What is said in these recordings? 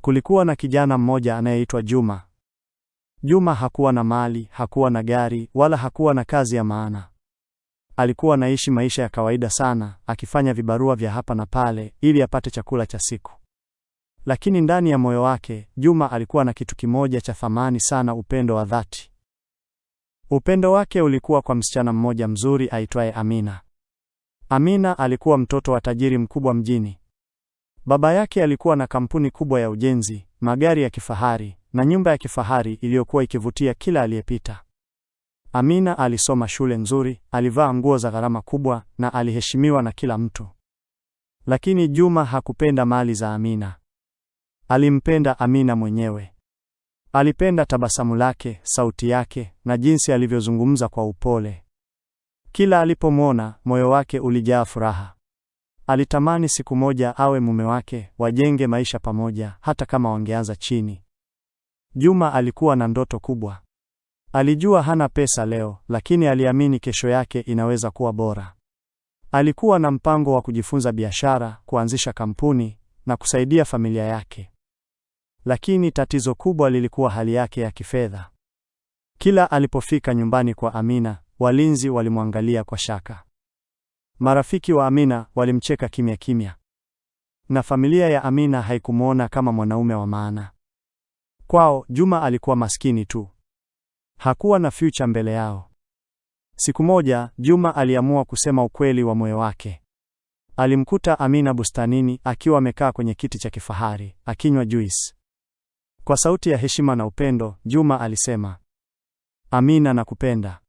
Kulikuwa na kijana mmoja anayeitwa Juma. Juma hakuwa na mali, hakuwa na gari, wala hakuwa na kazi ya maana. Alikuwa anaishi maisha ya kawaida sana, akifanya vibarua vya hapa na pale ili apate chakula cha siku. Lakini ndani ya moyo wake, Juma alikuwa na kitu kimoja cha thamani sana, upendo wa dhati. Upendo wake ulikuwa kwa msichana mmoja mzuri aitwaye Amina. Amina alikuwa mtoto wa tajiri mkubwa mjini. Baba yake alikuwa na kampuni kubwa ya ujenzi, magari ya kifahari na nyumba ya kifahari iliyokuwa ikivutia kila aliyepita. Amina alisoma shule nzuri, alivaa nguo za gharama kubwa na aliheshimiwa na kila mtu. Lakini Juma hakupenda mali za Amina. Alimpenda Amina mwenyewe. Alipenda tabasamu lake, sauti yake na jinsi alivyozungumza kwa upole. Kila alipomwona, moyo wake ulijaa furaha. Alitamani siku moja awe mume wake, wajenge maisha pamoja, hata kama wangeanza chini. Juma alikuwa na ndoto kubwa. Alijua hana pesa leo, lakini aliamini kesho yake inaweza kuwa bora. Alikuwa na mpango wa kujifunza biashara, kuanzisha kampuni na kusaidia familia yake. Lakini tatizo kubwa lilikuwa hali yake ya kifedha. Kila alipofika nyumbani kwa Amina, walinzi walimwangalia kwa shaka. Marafiki wa Amina walimcheka kimya kimya, na familia ya Amina haikumwona kama mwanaume wa maana. Kwao Juma alikuwa maskini tu, hakuwa na future mbele yao. Siku moja Juma aliamua kusema ukweli wa moyo wake. Alimkuta Amina bustanini akiwa amekaa kwenye kiti cha kifahari akinywa juice. Kwa sauti ya heshima na upendo, Juma alisema, Amina nakupenda.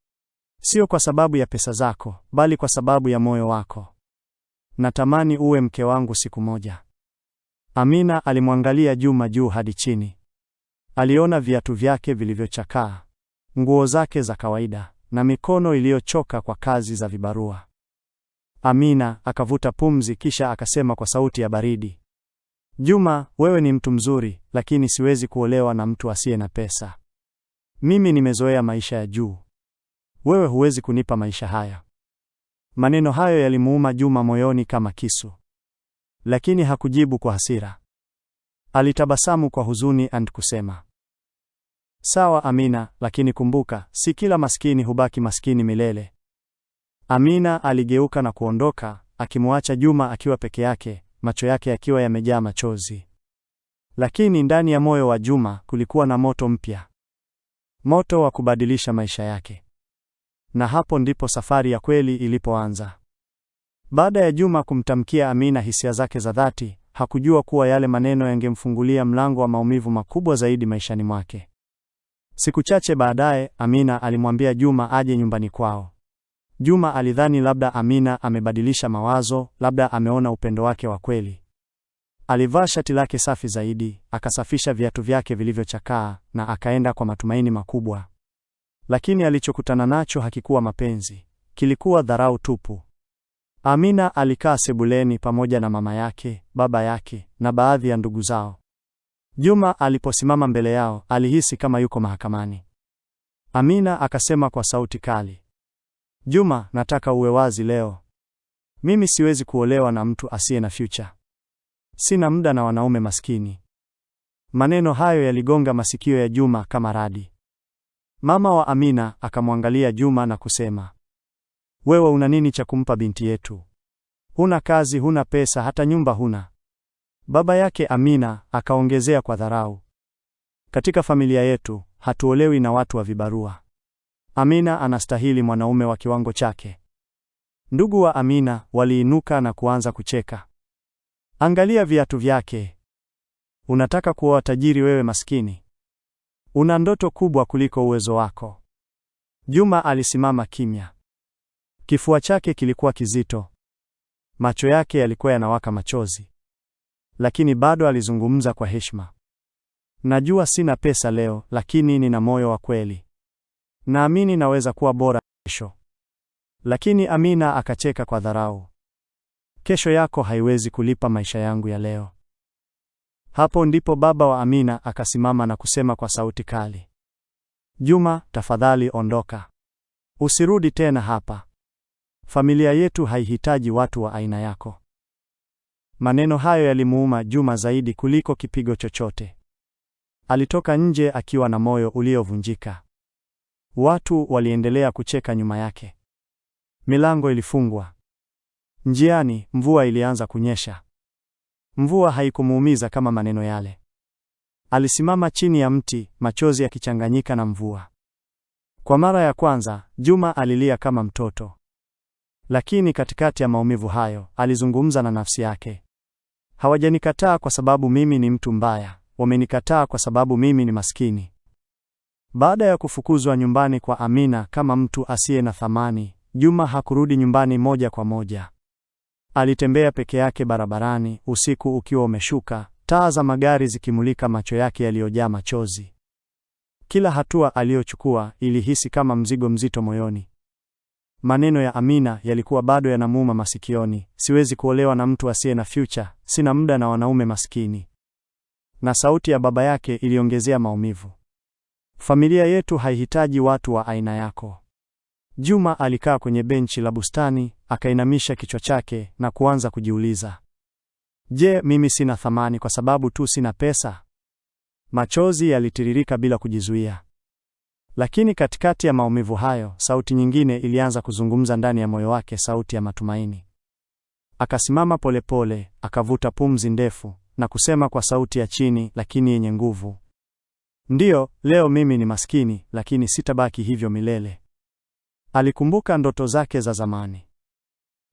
Sio kwa sababu ya pesa zako, bali kwa sababu ya moyo wako. Natamani uwe mke wangu siku moja. Amina alimwangalia Juma juu hadi chini. Aliona viatu vyake vilivyochakaa, nguo zake za kawaida na mikono iliyochoka kwa kazi za vibarua. Amina akavuta pumzi kisha akasema kwa sauti ya baridi, Juma, wewe ni mtu mzuri, lakini siwezi kuolewa na mtu asiye na pesa. Mimi nimezoea maisha ya juu wewe huwezi kunipa maisha haya. Maneno hayo yalimuuma Juma moyoni kama kisu, lakini hakujibu kwa hasira. Alitabasamu kwa huzuni and kusema, sawa Amina, lakini kumbuka, si kila maskini hubaki maskini milele. Amina aligeuka na kuondoka, akimwacha Juma akiwa peke yake, macho yake yakiwa yamejaa machozi. Lakini ndani ya moyo wa Juma kulikuwa na moto mpya, moto wa kubadilisha maisha yake na hapo ndipo safari ya kweli ilipoanza. Baada ya Juma kumtamkia Amina hisia zake za dhati, hakujua kuwa yale maneno yangemfungulia mlango wa maumivu makubwa zaidi maishani mwake. Siku chache baadaye, Amina alimwambia Juma aje nyumbani kwao. Juma alidhani labda Amina amebadilisha mawazo, labda ameona upendo wake wa kweli. Alivaa shati lake safi zaidi, akasafisha viatu vyake vilivyochakaa na akaenda kwa matumaini makubwa lakini alichokutana nacho hakikuwa mapenzi, kilikuwa dharau tupu. Amina alikaa sebuleni pamoja na mama yake, baba yake na baadhi ya ndugu zao. Juma aliposimama mbele yao, alihisi kama yuko mahakamani. Amina akasema kwa sauti kali, Juma, nataka uwe wazi leo. Mimi siwezi kuolewa na mtu asiye na future. Sina muda na wanaume maskini. Maneno hayo yaligonga masikio ya Juma kama radi. Mama wa Amina akamwangalia Juma na kusema, wewe una nini cha kumpa binti yetu? Huna kazi, huna pesa, hata nyumba huna. Baba yake Amina akaongezea kwa dharau, katika familia yetu hatuolewi na watu wa vibarua. Amina anastahili mwanaume wa kiwango chake. Ndugu wa Amina waliinuka na kuanza kucheka. Angalia viatu vyake. Unataka kuoa tajiri wewe maskini? Una ndoto kubwa kuliko uwezo wako. Juma alisimama kimya. Kifua chake kilikuwa kizito. Macho yake yalikuwa yanawaka machozi. Lakini bado alizungumza kwa heshima. Najua sina pesa leo, lakini nina moyo wa kweli. Naamini naweza kuwa bora kesho. Lakini Amina akacheka kwa dharau. Kesho yako haiwezi kulipa maisha yangu ya leo. Hapo ndipo baba wa Amina akasimama na kusema kwa sauti kali, Juma, tafadhali ondoka, usirudi tena hapa. Familia yetu haihitaji watu wa aina yako. Maneno hayo yalimuuma Juma zaidi kuliko kipigo chochote. Alitoka nje akiwa na moyo uliovunjika. Watu waliendelea kucheka nyuma yake. Milango ilifungwa. Njiani mvua ilianza kunyesha. Mvua haikumuumiza kama maneno yale. Alisimama chini ya mti, machozi yakichanganyika na mvua. Kwa mara ya kwanza, Juma alilia kama mtoto. Lakini katikati ya maumivu hayo, alizungumza na nafsi yake. Hawajanikataa kwa sababu mimi ni mtu mbaya, wamenikataa kwa sababu mimi ni maskini. Baada ya kufukuzwa nyumbani kwa Amina kama mtu asiye na thamani, Juma hakurudi nyumbani moja kwa moja. Alitembea peke yake barabarani, usiku ukiwa umeshuka, taa za magari zikimulika macho yake yaliyojaa machozi. Kila hatua aliyochukua ilihisi kama mzigo mzito moyoni. Maneno ya Amina yalikuwa bado yanamuuma masikioni: siwezi kuolewa na mtu asiye na future, sina muda na wanaume maskini. Na sauti ya baba yake iliongezea maumivu: familia yetu haihitaji watu wa aina yako. Juma alikaa kwenye benchi la bustani akainamisha kichwa chake na kuanza kujiuliza, je, mimi sina thamani kwa sababu tu sina pesa? Machozi yalitiririka bila kujizuia. Lakini katikati ya maumivu hayo, sauti nyingine ilianza kuzungumza ndani ya moyo wake, sauti ya matumaini. Akasimama polepole, akavuta pumzi ndefu na kusema kwa sauti ya chini lakini yenye nguvu, ndiyo, leo mimi ni maskini, lakini sitabaki hivyo milele. Alikumbuka ndoto zake za zamani,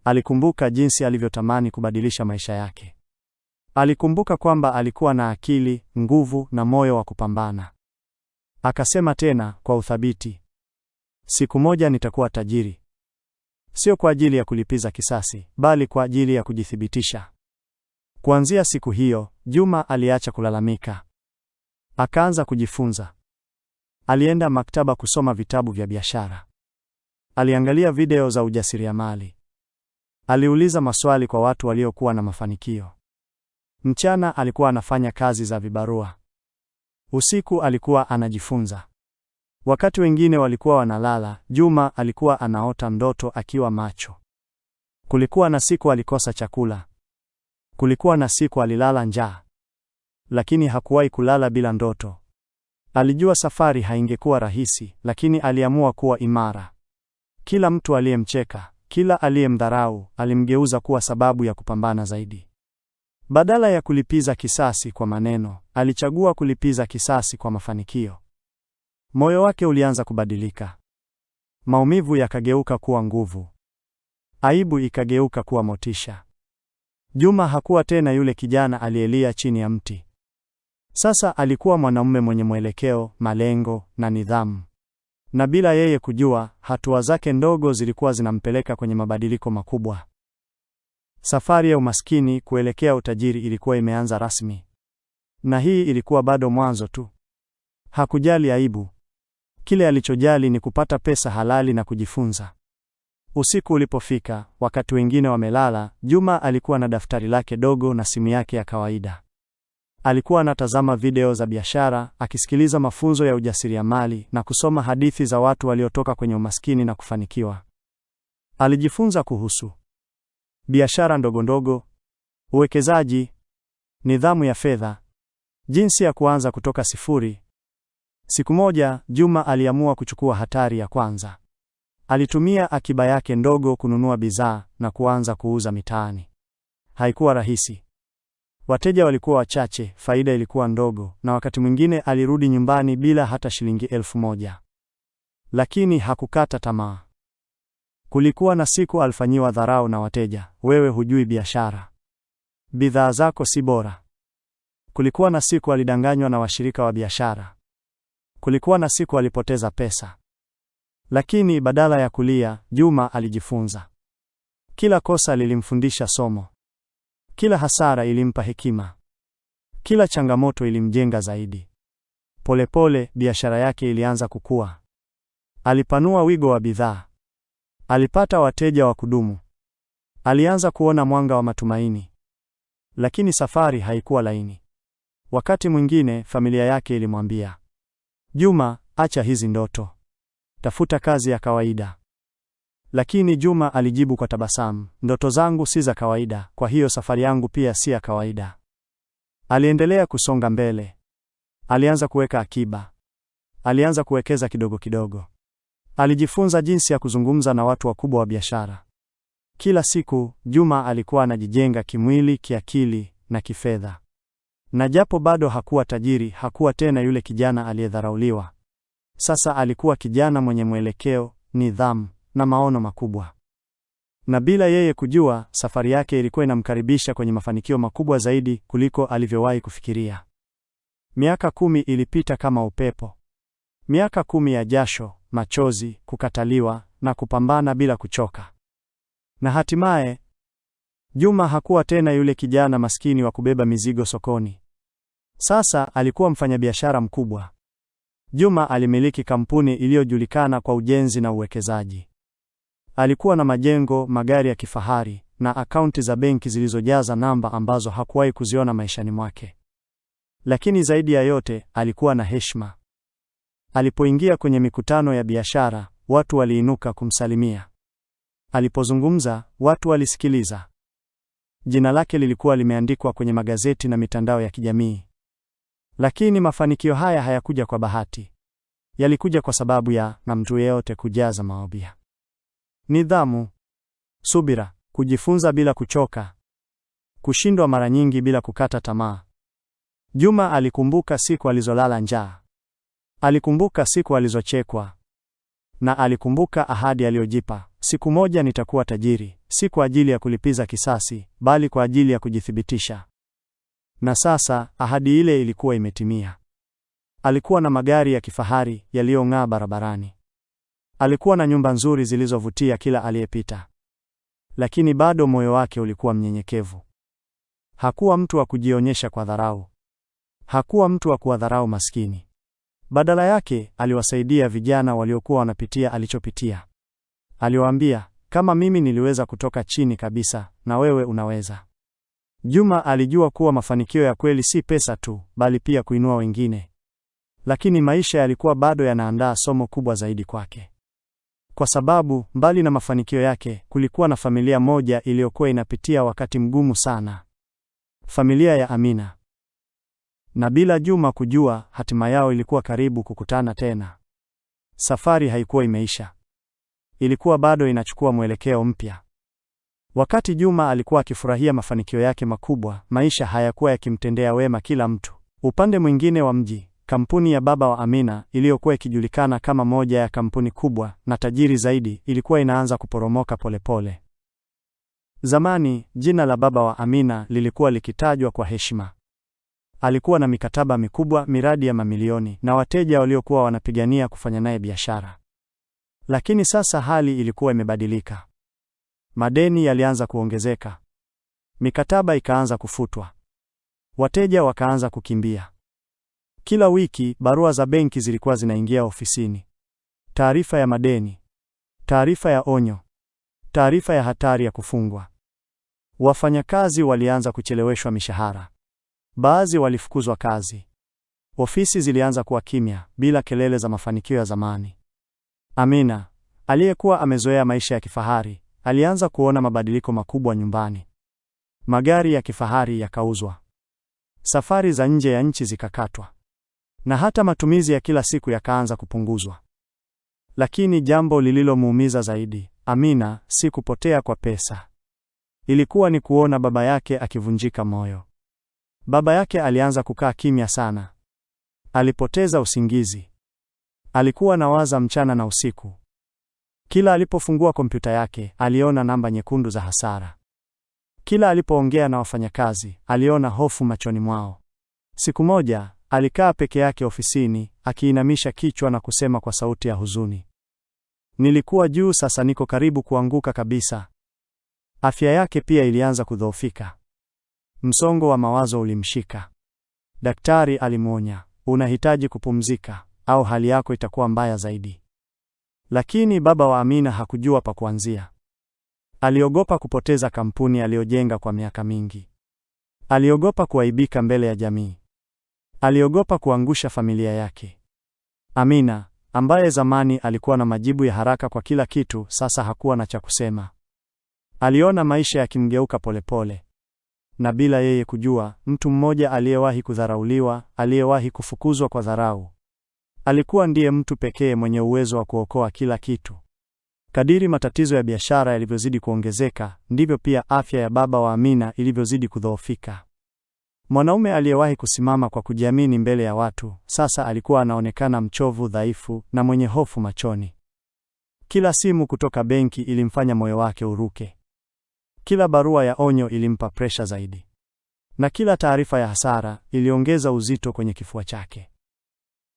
Alikumbuka jinsi alivyotamani kubadilisha maisha yake. Alikumbuka kwamba alikuwa na akili, nguvu na moyo wa kupambana. Akasema tena kwa uthabiti, siku moja nitakuwa tajiri, sio kwa ajili ya kulipiza kisasi, bali kwa ajili ya kujithibitisha. Kuanzia siku hiyo, Juma aliacha kulalamika, akaanza kujifunza. Alienda maktaba kusoma vitabu vya biashara, aliangalia video za ujasiriamali Aliuliza maswali kwa watu waliokuwa na mafanikio. Mchana alikuwa anafanya kazi za vibarua. Usiku alikuwa anajifunza. Wakati wengine walikuwa wanalala, Juma alikuwa anaota ndoto akiwa macho. Kulikuwa na siku alikosa chakula. Kulikuwa na siku alilala njaa. Lakini hakuwahi kulala bila ndoto. Alijua safari haingekuwa rahisi, lakini aliamua kuwa imara. Kila mtu aliyemcheka kila aliyemdharau alimgeuza kuwa sababu ya kupambana zaidi. Badala ya kulipiza kisasi kwa maneno, alichagua kulipiza kisasi kwa mafanikio. Moyo wake ulianza kubadilika. Maumivu yakageuka kuwa nguvu. Aibu ikageuka kuwa motisha. Juma hakuwa tena yule kijana aliyelia chini ya mti. Sasa alikuwa mwanamume mwenye mwelekeo, malengo na nidhamu na bila yeye kujua, hatua zake ndogo zilikuwa zinampeleka kwenye mabadiliko makubwa. Safari ya umaskini kuelekea utajiri ilikuwa imeanza rasmi, na hii ilikuwa bado mwanzo tu. Hakujali aibu, kile alichojali ni kupata pesa halali na kujifunza. Usiku ulipofika, wakati wengine wamelala, Juma alikuwa na daftari lake dogo na simu yake ya kawaida. Alikuwa anatazama video za biashara, akisikiliza mafunzo ya ujasiriamali na kusoma hadithi za watu waliotoka kwenye umaskini na kufanikiwa. Alijifunza kuhusu biashara ndogondogo, uwekezaji, nidhamu ya fedha, jinsi ya kuanza kutoka sifuri. Siku moja, Juma aliamua kuchukua hatari ya kwanza. Alitumia akiba yake ndogo kununua bidhaa na kuanza kuuza mitaani. Haikuwa rahisi. Wateja walikuwa wachache, faida ilikuwa ndogo, na wakati mwingine alirudi nyumbani bila hata shilingi elfu moja. Lakini hakukata tamaa. Kulikuwa na siku alifanyiwa dharau na wateja, wewe hujui biashara, bidhaa zako si bora. Kulikuwa na siku alidanganywa na washirika wa biashara. Kulikuwa na siku alipoteza pesa. Lakini badala ya kulia, Juma alijifunza. Kila kosa lilimfundisha somo. Kila hasara ilimpa hekima, kila changamoto ilimjenga zaidi. Polepole biashara yake ilianza kukua, alipanua wigo wa bidhaa, alipata wateja wa kudumu, alianza kuona mwanga wa matumaini. Lakini safari haikuwa laini. Wakati mwingine familia yake ilimwambia, Juma, acha hizi ndoto, tafuta kazi ya kawaida. Lakini Juma alijibu kwa tabasamu, ndoto zangu si za kawaida, kwa hiyo safari yangu pia si ya kawaida. Aliendelea kusonga mbele. Alianza kuweka akiba. Alianza kuwekeza kidogo kidogo. Alijifunza jinsi ya kuzungumza na watu wakubwa wa biashara. Kila siku Juma alikuwa anajijenga kimwili, kiakili na kifedha. Na japo bado hakuwa tajiri, hakuwa tena yule kijana aliyedharauliwa. Sasa alikuwa kijana mwenye mwelekeo, nidhamu na maono makubwa. Na bila yeye kujua, safari yake ilikuwa inamkaribisha kwenye mafanikio makubwa zaidi kuliko alivyowahi kufikiria. Miaka kumi ilipita kama upepo. Miaka kumi ya jasho, machozi, kukataliwa na kupambana bila kuchoka. Na hatimaye Juma hakuwa tena yule kijana maskini wa kubeba mizigo sokoni. Sasa alikuwa mfanyabiashara mkubwa. Juma alimiliki kampuni iliyojulikana kwa ujenzi na uwekezaji. Alikuwa na majengo, magari ya kifahari na akaunti za benki zilizojaza namba ambazo hakuwahi kuziona maishani mwake. Lakini zaidi ya yote, alikuwa na heshima. Alipoingia kwenye mikutano ya biashara, watu waliinuka kumsalimia. Alipozungumza, watu walisikiliza. Jina lake lilikuwa limeandikwa kwenye magazeti na mitandao ya kijamii. Lakini mafanikio haya hayakuja kwa bahati. Yalikuja kwa sababu ya na mtu yeyote kujaza maobia. Nidhamu, subira, kujifunza bila kuchoka, kushindwa mara nyingi bila kukata tamaa. Juma alikumbuka siku alizolala njaa, alikumbuka siku alizochekwa, na alikumbuka ahadi aliyojipa: siku moja nitakuwa tajiri, si kwa ajili ya kulipiza kisasi, bali kwa ajili ya kujithibitisha. Na sasa ahadi ile ilikuwa imetimia. Alikuwa na magari ya kifahari yaliyong'aa barabarani. Alikuwa na nyumba nzuri zilizovutia kila aliyepita, lakini bado moyo wake ulikuwa mnyenyekevu. Hakuwa mtu wa kujionyesha kwa dharau, hakuwa mtu wa kuwadharau maskini. Badala yake aliwasaidia vijana waliokuwa wanapitia alichopitia. Aliwaambia, kama mimi niliweza kutoka chini kabisa, na wewe unaweza. Juma alijua kuwa mafanikio ya kweli si pesa tu, bali pia kuinua wengine. Lakini maisha yalikuwa bado yanaandaa somo kubwa zaidi kwake kwa sababu mbali na mafanikio yake, kulikuwa na familia moja iliyokuwa inapitia wakati mgumu sana, familia ya Amina. Na bila Juma kujua, hatima yao ilikuwa karibu kukutana tena. Safari haikuwa imeisha, ilikuwa bado inachukua mwelekeo mpya. Wakati Juma alikuwa akifurahia mafanikio yake makubwa, maisha hayakuwa yakimtendea wema kila mtu. Upande mwingine wa mji, Kampuni ya baba wa Amina iliyokuwa ikijulikana kama moja ya kampuni kubwa na tajiri zaidi ilikuwa inaanza kuporomoka polepole. Zamani jina la baba wa Amina lilikuwa likitajwa kwa heshima. Alikuwa na mikataba mikubwa, miradi ya mamilioni na wateja waliokuwa wanapigania kufanya naye biashara. Lakini sasa hali ilikuwa imebadilika. Madeni yalianza kuongezeka. Mikataba ikaanza kufutwa. Wateja wakaanza kukimbia. Kila wiki barua za benki zilikuwa zinaingia ofisini: taarifa ya madeni, taarifa ya onyo, taarifa ya hatari ya kufungwa. Wafanyakazi walianza kucheleweshwa mishahara, baadhi walifukuzwa kazi. Ofisi zilianza kuwa kimya, bila kelele za mafanikio ya zamani. Amina aliyekuwa amezoea maisha ya kifahari alianza kuona mabadiliko makubwa nyumbani. Magari ya kifahari yakauzwa, safari za nje ya nchi zikakatwa na hata matumizi ya kila siku yakaanza kupunguzwa. Lakini jambo lililomuumiza zaidi Amina si kupotea kwa pesa, ilikuwa ni kuona baba yake akivunjika moyo. Baba yake alianza kukaa kimya sana, alipoteza usingizi, alikuwa waza mchana na usiku. Kila alipofungua kompyuta yake aliona namba nyekundu za hasara. Kila alipoongea na wafanyakazi aliona hofu machoni mwao. Siku moja Alikaa peke yake ofisini, akiinamisha kichwa na kusema kwa sauti ya huzuni, nilikuwa juu, sasa niko karibu kuanguka kabisa. Afya yake pia ilianza kudhoofika. Msongo wa mawazo ulimshika. Daktari alimwonya, unahitaji kupumzika au hali yako itakuwa mbaya zaidi. Lakini baba wa Amina hakujua pa kuanzia. Aliogopa kupoteza kampuni aliyojenga kwa miaka mingi. Aliogopa kuaibika mbele ya jamii. Aliogopa kuangusha familia yake. Amina, ambaye zamani alikuwa na majibu ya haraka kwa kila kitu, sasa hakuwa na cha kusema. Aliona maisha yakimgeuka polepole, na bila yeye kujua, mtu mmoja aliyewahi kudharauliwa, aliyewahi kufukuzwa kwa dharau, alikuwa ndiye mtu pekee mwenye uwezo wa kuokoa kila kitu. Kadiri matatizo ya biashara yalivyozidi kuongezeka, ndivyo pia afya ya baba wa Amina ilivyozidi kudhoofika. Mwanaume aliyewahi kusimama kwa kujiamini mbele ya watu, sasa alikuwa anaonekana mchovu, dhaifu na mwenye hofu machoni. Kila simu kutoka benki ilimfanya moyo wake uruke. Kila barua ya onyo ilimpa presha zaidi. Na kila taarifa ya hasara iliongeza uzito kwenye kifua chake.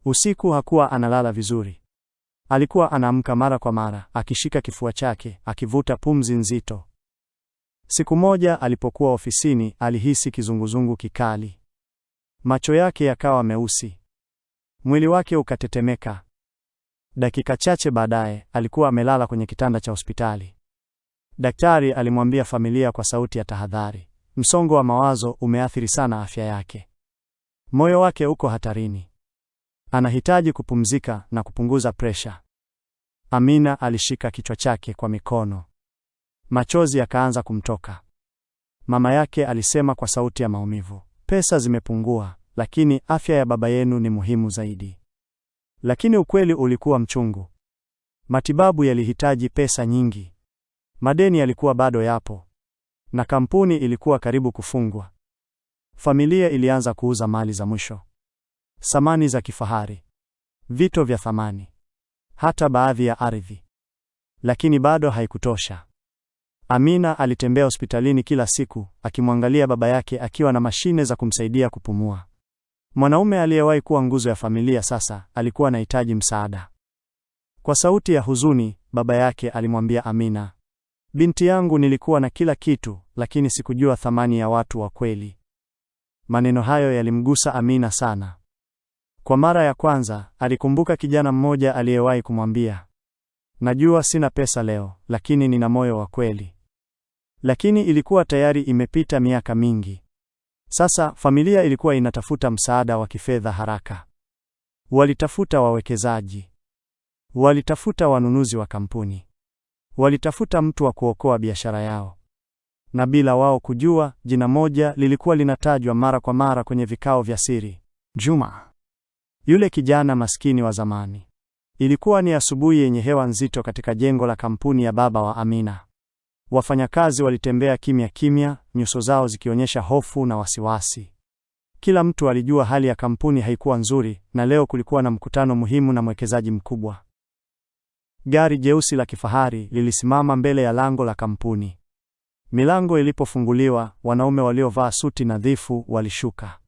Usiku hakuwa analala vizuri. Alikuwa anaamka mara kwa mara, akishika kifua chake, akivuta pumzi nzito, Siku moja alipokuwa ofisini, alihisi kizunguzungu kikali. Macho yake yakawa meusi. Mwili wake ukatetemeka. Dakika chache baadaye, alikuwa amelala kwenye kitanda cha hospitali. Daktari alimwambia familia kwa sauti ya tahadhari, msongo wa mawazo umeathiri sana afya yake. Moyo wake uko hatarini. Anahitaji kupumzika na kupunguza presha. Amina alishika kichwa chake kwa mikono. Machozi yakaanza kumtoka. Mama yake alisema kwa sauti ya maumivu, pesa zimepungua, lakini afya ya baba yenu ni muhimu zaidi. Lakini ukweli ulikuwa mchungu. Matibabu yalihitaji pesa nyingi, madeni yalikuwa bado yapo, na kampuni ilikuwa karibu kufungwa. Familia ilianza kuuza mali za mwisho, samani za kifahari, vito vya thamani, hata baadhi ya ardhi, lakini bado haikutosha. Amina alitembea hospitalini kila siku akimwangalia baba yake akiwa na mashine za kumsaidia kupumua. Mwanaume aliyewahi kuwa nguzo ya familia sasa alikuwa anahitaji msaada. Kwa sauti ya huzuni, baba yake alimwambia Amina, binti yangu, nilikuwa na kila kitu, lakini sikujua thamani ya watu wa kweli. Maneno hayo yalimgusa Amina sana. Kwa mara ya kwanza alikumbuka kijana mmoja aliyewahi kumwambia, najua sina pesa leo, lakini nina moyo wa kweli lakini ilikuwa tayari imepita miaka mingi. Sasa familia ilikuwa inatafuta msaada wa kifedha haraka. Walitafuta wawekezaji, walitafuta wanunuzi wa kampuni, walitafuta mtu wa kuokoa biashara yao. Na bila wao kujua, jina moja lilikuwa linatajwa mara kwa mara kwenye vikao vya siri: Juma, yule kijana maskini wa zamani. Ilikuwa ni asubuhi yenye hewa nzito katika jengo la kampuni ya baba wa Amina. Wafanyakazi walitembea kimya kimya, nyuso zao zikionyesha hofu na wasiwasi. Kila mtu alijua hali ya kampuni haikuwa nzuri, na leo kulikuwa na mkutano muhimu na mwekezaji mkubwa. Gari jeusi la kifahari lilisimama mbele ya lango la kampuni. Milango ilipofunguliwa, wanaume waliovaa suti nadhifu walishuka.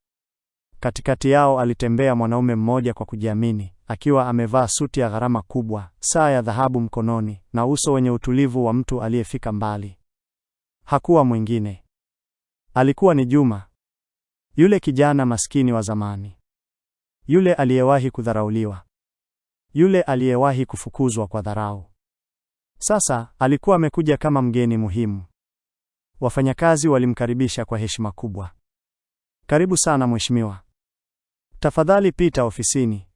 Katikati yao alitembea mwanaume mmoja kwa kujiamini, akiwa amevaa suti ya gharama kubwa, saa ya dhahabu mkononi, na uso wenye utulivu wa mtu aliyefika mbali. Hakuwa mwingine, alikuwa ni Juma, yule kijana maskini wa zamani, yule aliyewahi kudharauliwa, yule aliyewahi kufukuzwa kwa dharau. Sasa alikuwa amekuja kama mgeni muhimu. Wafanyakazi walimkaribisha kwa heshima kubwa. Karibu sana mheshimiwa. Tafadhali pita ofisini.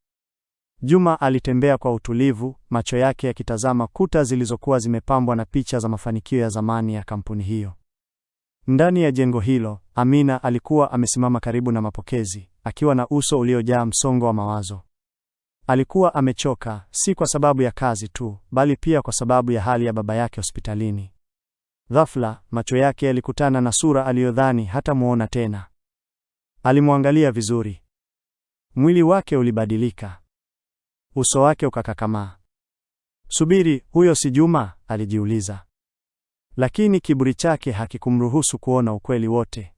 Juma alitembea kwa utulivu, macho yake yakitazama kuta zilizokuwa zimepambwa na picha za mafanikio ya zamani ya kampuni hiyo. Ndani ya jengo hilo, Amina alikuwa amesimama karibu na mapokezi, akiwa na uso uliojaa msongo wa mawazo. Alikuwa amechoka, si kwa sababu ya kazi tu, bali pia kwa sababu ya hali ya baba yake hospitalini. Ghafla, macho yake yalikutana na sura aliyodhani hata muona tena. Alimwangalia vizuri. Mwili wake ulibadilika, uso wake ukakakamaa. Subiri, huyo si Juma? alijiuliza, lakini kiburi chake hakikumruhusu kuona ukweli wote.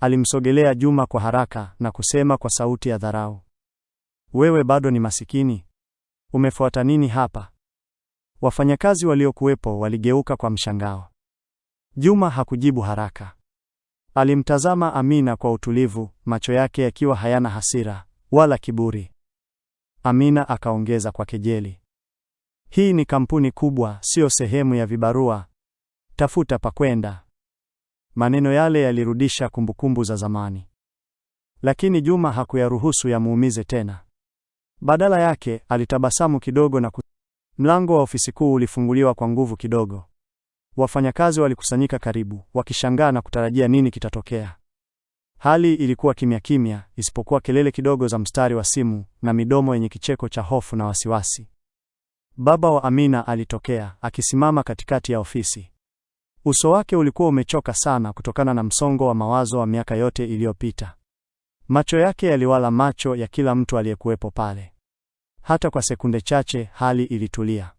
Alimsogelea Juma kwa haraka na kusema kwa sauti ya dharau, wewe bado ni masikini, umefuata nini hapa? Wafanyakazi waliokuwepo waligeuka kwa mshangao. Juma hakujibu haraka. Alimtazama Amina kwa utulivu, macho yake yakiwa hayana hasira wala kiburi. Amina akaongeza kwa kejeli, hii ni kampuni kubwa, siyo sehemu ya vibarua. Tafuta pa kwenda. Maneno yale yalirudisha kumbukumbu za zamani, lakini Juma hakuyaruhusu yamuumize tena. Badala yake alitabasamu kidogo na ku... mlango wa ofisi kuu ulifunguliwa kwa nguvu kidogo. Wafanyakazi walikusanyika karibu, wakishangaa na kutarajia nini kitatokea. Hali ilikuwa kimya kimya, isipokuwa kelele kidogo za mstari wa simu na midomo yenye kicheko cha hofu na wasiwasi. Baba wa Amina alitokea, akisimama katikati ya ofisi. Uso wake ulikuwa umechoka sana kutokana na msongo wa mawazo wa miaka yote iliyopita. Macho yake yaliwala macho ya kila mtu aliyekuwepo pale. Hata kwa sekunde chache hali ilitulia.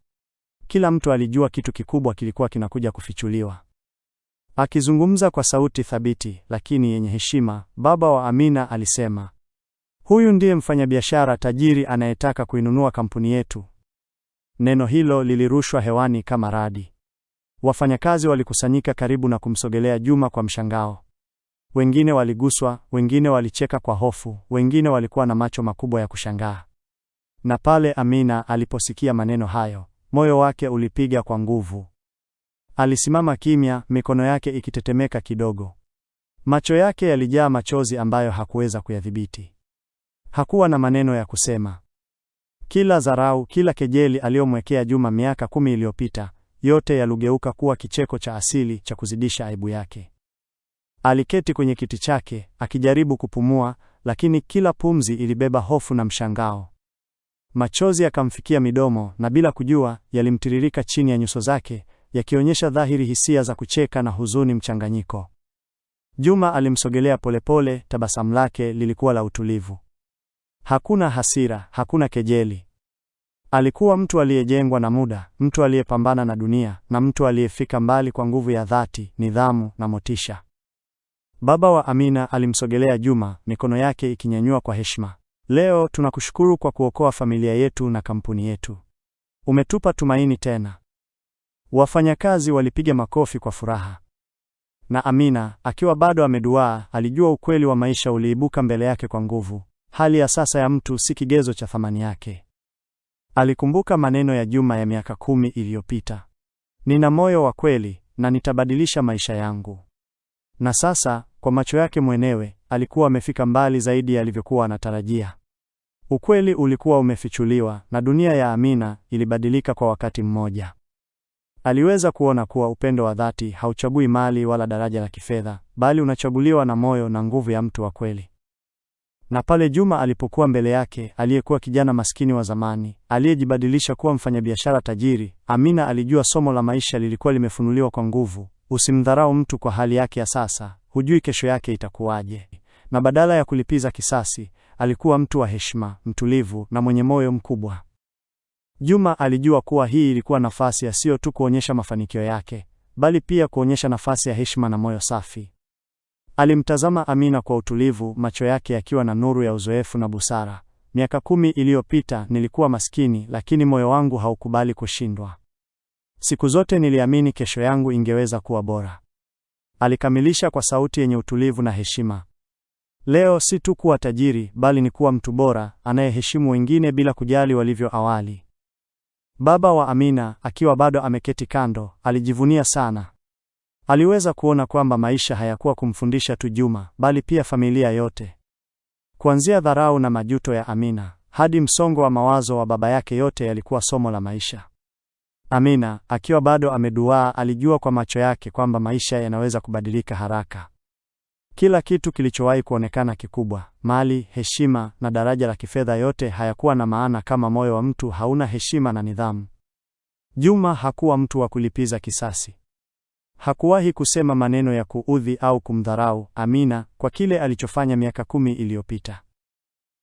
Kila mtu alijua kitu kikubwa kilikuwa kinakuja kufichuliwa. Akizungumza kwa sauti thabiti lakini yenye heshima, baba wa Amina alisema, huyu ndiye mfanyabiashara tajiri anayetaka kuinunua kampuni yetu. Neno hilo lilirushwa hewani kama radi. Wafanyakazi walikusanyika karibu na kumsogelea Juma kwa mshangao. Wengine waliguswa, wengine walicheka kwa hofu, wengine walikuwa na macho makubwa ya kushangaa. Na pale Amina aliposikia maneno hayo, Moyo wake ulipiga kwa nguvu. Alisimama kimya, mikono yake ikitetemeka kidogo. Macho yake yalijaa machozi ambayo hakuweza kuyadhibiti. Hakuwa na maneno ya kusema. Kila dharau, kila kejeli aliyomwekea Juma miaka kumi iliyopita, yote yaligeuka kuwa kicheko cha asili cha kuzidisha aibu yake. Aliketi kwenye kiti chake akijaribu kupumua, lakini kila pumzi ilibeba hofu na mshangao. Machozi yakamfikia midomo na bila kujua yalimtiririka chini ya nyuso zake, yakionyesha dhahiri hisia za kucheka na huzuni mchanganyiko. Juma alimsogelea polepole, tabasamu lake lilikuwa la utulivu. Hakuna hasira, hakuna kejeli. Alikuwa mtu aliyejengwa na muda, mtu aliyepambana na dunia, na mtu aliyefika mbali kwa nguvu ya dhati, nidhamu na motisha. Baba wa Amina alimsogelea Juma, mikono yake ikinyanyua kwa heshima. Leo tunakushukuru kwa kuokoa familia yetu na kampuni yetu. Umetupa tumaini tena. Wafanyakazi walipiga makofi kwa furaha. Na Amina, akiwa bado ameduaa, alijua ukweli wa maisha uliibuka mbele yake kwa nguvu. Hali ya sasa ya mtu si kigezo cha thamani yake. Alikumbuka maneno ya Juma ya miaka kumi iliyopita. Nina moyo wa kweli na nitabadilisha maisha yangu. Na sasa kwa macho yake mwenyewe alikuwa amefika mbali zaidi alivyokuwa anatarajia. Ukweli ulikuwa umefichuliwa na dunia ya Amina ilibadilika kwa wakati mmoja. Aliweza kuona kuwa upendo wa dhati hauchagui mali wala daraja la kifedha, bali unachaguliwa na moyo na nguvu ya mtu wa kweli. Na pale Juma alipokuwa mbele yake, aliyekuwa kijana maskini wa zamani, aliyejibadilisha kuwa mfanyabiashara tajiri, Amina alijua somo la maisha lilikuwa limefunuliwa kwa nguvu. Usimdharau mtu kwa hali yake ya sasa, hujui kesho yake itakuwaje. Na badala ya kulipiza kisasi, alikuwa mtu wa heshima, mtulivu na mwenye moyo mkubwa. Juma alijua kuwa hii ilikuwa nafasi ya sio tu kuonyesha mafanikio yake, bali pia kuonyesha nafasi ya heshima na moyo safi. Alimtazama Amina kwa utulivu, macho yake yakiwa na nuru ya uzoefu na busara. Miaka kumi iliyopita nilikuwa maskini, lakini moyo wangu haukubali kushindwa. Siku zote niliamini kesho yangu ingeweza kuwa bora. Alikamilisha kwa sauti yenye utulivu na heshima, Leo si tu kuwa tajiri bali ni kuwa mtu bora anayeheshimu wengine bila kujali walivyo awali. Baba wa Amina, akiwa bado ameketi kando, alijivunia sana. Aliweza kuona kwamba maisha hayakuwa kumfundisha tu Juma, bali pia familia yote. Kuanzia dharau na majuto ya Amina hadi msongo wa mawazo wa baba yake, yote yalikuwa somo la maisha. Amina, akiwa bado ameduaa, alijua kwa macho yake kwamba maisha yanaweza kubadilika haraka. Kila kitu kilichowahi kuonekana kikubwa, mali, heshima na daraja la kifedha, yote hayakuwa na maana kama moyo wa mtu hauna heshima na nidhamu. Juma hakuwa mtu wa kulipiza kisasi. Hakuwahi kusema maneno ya kuudhi au kumdharau Amina kwa kile alichofanya miaka kumi iliyopita.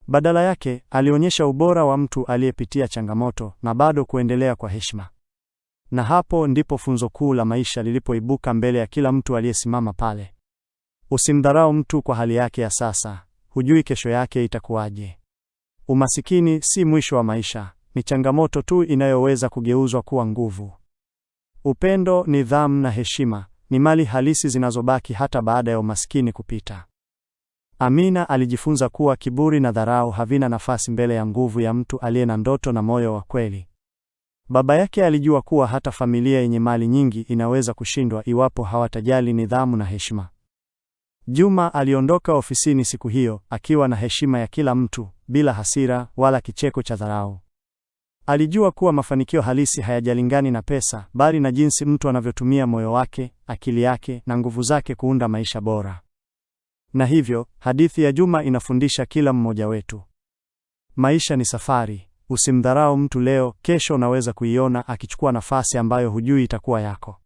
Badala yake, alionyesha ubora wa mtu aliyepitia changamoto na bado kuendelea kwa heshima. Na hapo ndipo funzo kuu la maisha lilipoibuka mbele ya kila mtu aliyesimama pale. Usimdharau mtu kwa hali yake ya sasa, hujui kesho yake itakuwaje. Umasikini si mwisho wa maisha, ni changamoto tu inayoweza kugeuzwa kuwa nguvu. Upendo, nidhamu na heshima ni mali halisi zinazobaki hata baada ya umasikini kupita. Amina alijifunza kuwa kiburi na dharau havina nafasi mbele ya nguvu ya mtu aliye na ndoto na moyo wa kweli. Baba yake alijua kuwa hata familia yenye mali nyingi inaweza kushindwa iwapo hawatajali nidhamu na heshima. Juma aliondoka ofisini siku hiyo akiwa na heshima ya kila mtu, bila hasira wala kicheko cha dharau. Alijua kuwa mafanikio halisi hayajalingani na pesa, bali na jinsi mtu anavyotumia moyo wake, akili yake na nguvu zake kuunda maisha bora. Na hivyo, hadithi ya Juma inafundisha kila mmoja wetu. Maisha ni safari, usimdharau mtu leo, kesho unaweza kuiona akichukua nafasi ambayo hujui itakuwa yako.